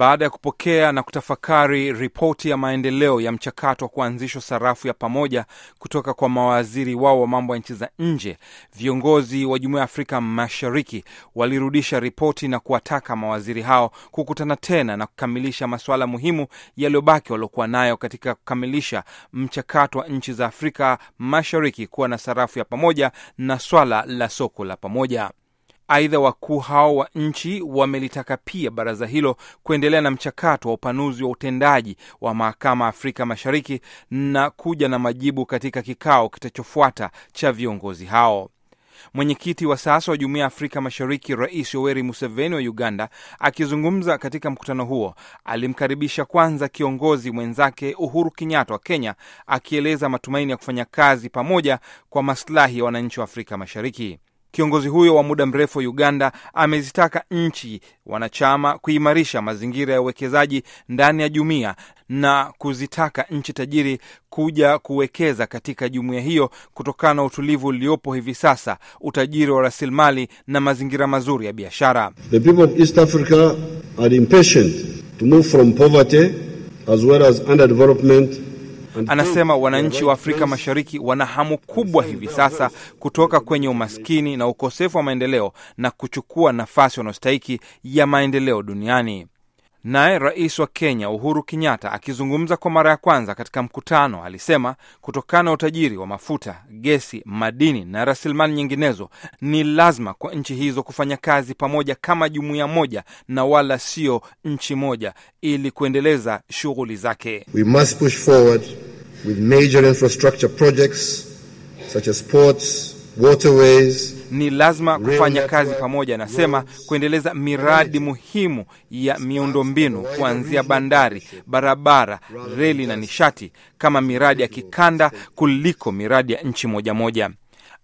baada ya kupokea na kutafakari ripoti ya maendeleo ya mchakato wa kuanzishwa sarafu ya pamoja kutoka kwa mawaziri wao wa mambo ya nchi za nje, viongozi wa Jumuiya ya Afrika Mashariki walirudisha ripoti na kuwataka mawaziri hao kukutana tena na kukamilisha masuala muhimu yaliyobaki waliokuwa nayo katika kukamilisha mchakato wa nchi za Afrika Mashariki kuwa na sarafu ya pamoja na swala la soko la pamoja. Aidha, wakuu hao wa nchi wamelitaka pia baraza hilo kuendelea na mchakato wa upanuzi wa utendaji wa mahakama Afrika Mashariki na kuja na majibu katika kikao kitachofuata cha viongozi hao. Mwenyekiti wa sasa wa Jumuiya ya Afrika Mashariki, Rais Yoweri Museveni wa Uganda, akizungumza katika mkutano huo, alimkaribisha kwanza kiongozi mwenzake Uhuru Kenyatta wa Kenya, akieleza matumaini ya kufanya kazi pamoja kwa maslahi ya wananchi wa Afrika Mashariki. Kiongozi huyo wa muda mrefu wa Uganda amezitaka nchi wanachama kuimarisha mazingira ya uwekezaji ndani ya jumuiya na kuzitaka nchi tajiri kuja kuwekeza katika jumuiya hiyo kutokana na utulivu uliopo hivi sasa, utajiri wa rasilimali na mazingira mazuri ya biashara. The people of East Africa are impatient to move from poverty as well as underdevelopment Anasema wananchi wa Afrika Mashariki wana hamu kubwa hivi sasa kutoka kwenye umaskini na ukosefu wa maendeleo na kuchukua nafasi wanaostahiki ya maendeleo duniani. Naye rais wa Kenya Uhuru Kenyatta akizungumza kwa mara ya kwanza katika mkutano alisema kutokana na utajiri wa mafuta, gesi, madini na rasilimali nyinginezo, ni lazima kwa nchi hizo kufanya kazi pamoja kama jumuiya moja na wala sio nchi moja, ili kuendeleza shughuli zake. We must push forward with major infrastructure projects such as ports ni lazima kufanya kazi pamoja, anasema kuendeleza miradi muhimu ya miundombinu kuanzia bandari, barabara, reli na nishati kama miradi ya kikanda kuliko miradi ya nchi moja moja.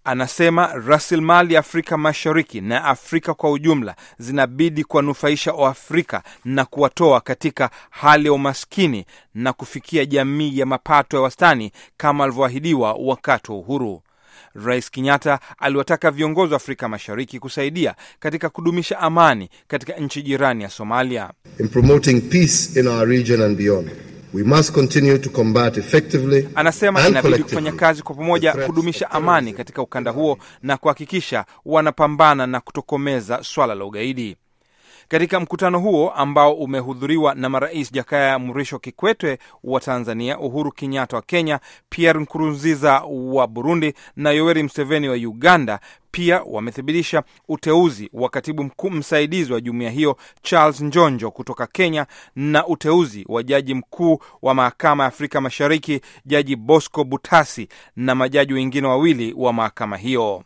Anasema rasilimali ya Afrika Mashariki na Afrika kwa ujumla zinabidi kuwanufaisha Waafrika na kuwatoa katika hali ya umaskini na kufikia jamii ya mapato ya wastani kama alivyoahidiwa wakati wa uhuru. Rais Kenyatta aliwataka viongozi wa Afrika Mashariki kusaidia katika kudumisha amani katika nchi jirani ya Somalia. In promoting peace in our region and beyond. We must continue to combat effectively. Anasema inabidi kufanya kazi kwa pamoja kudumisha amani katika ukanda huo na kuhakikisha wanapambana na kutokomeza swala la ugaidi. Katika mkutano huo ambao umehudhuriwa na marais Jakaya Mrisho Kikwete wa Tanzania, Uhuru Kenyatta wa Kenya, Pierre Nkurunziza wa Burundi na Yoweri Museveni wa Uganda pia wamethibitisha uteuzi wa katibu mkuu msaidizi wa jumuiya hiyo Charles Njonjo kutoka Kenya na uteuzi wa jaji mkuu wa mahakama ya Afrika Mashariki, Jaji Bosco Butasi na majaji wengine wawili wa mahakama hiyo.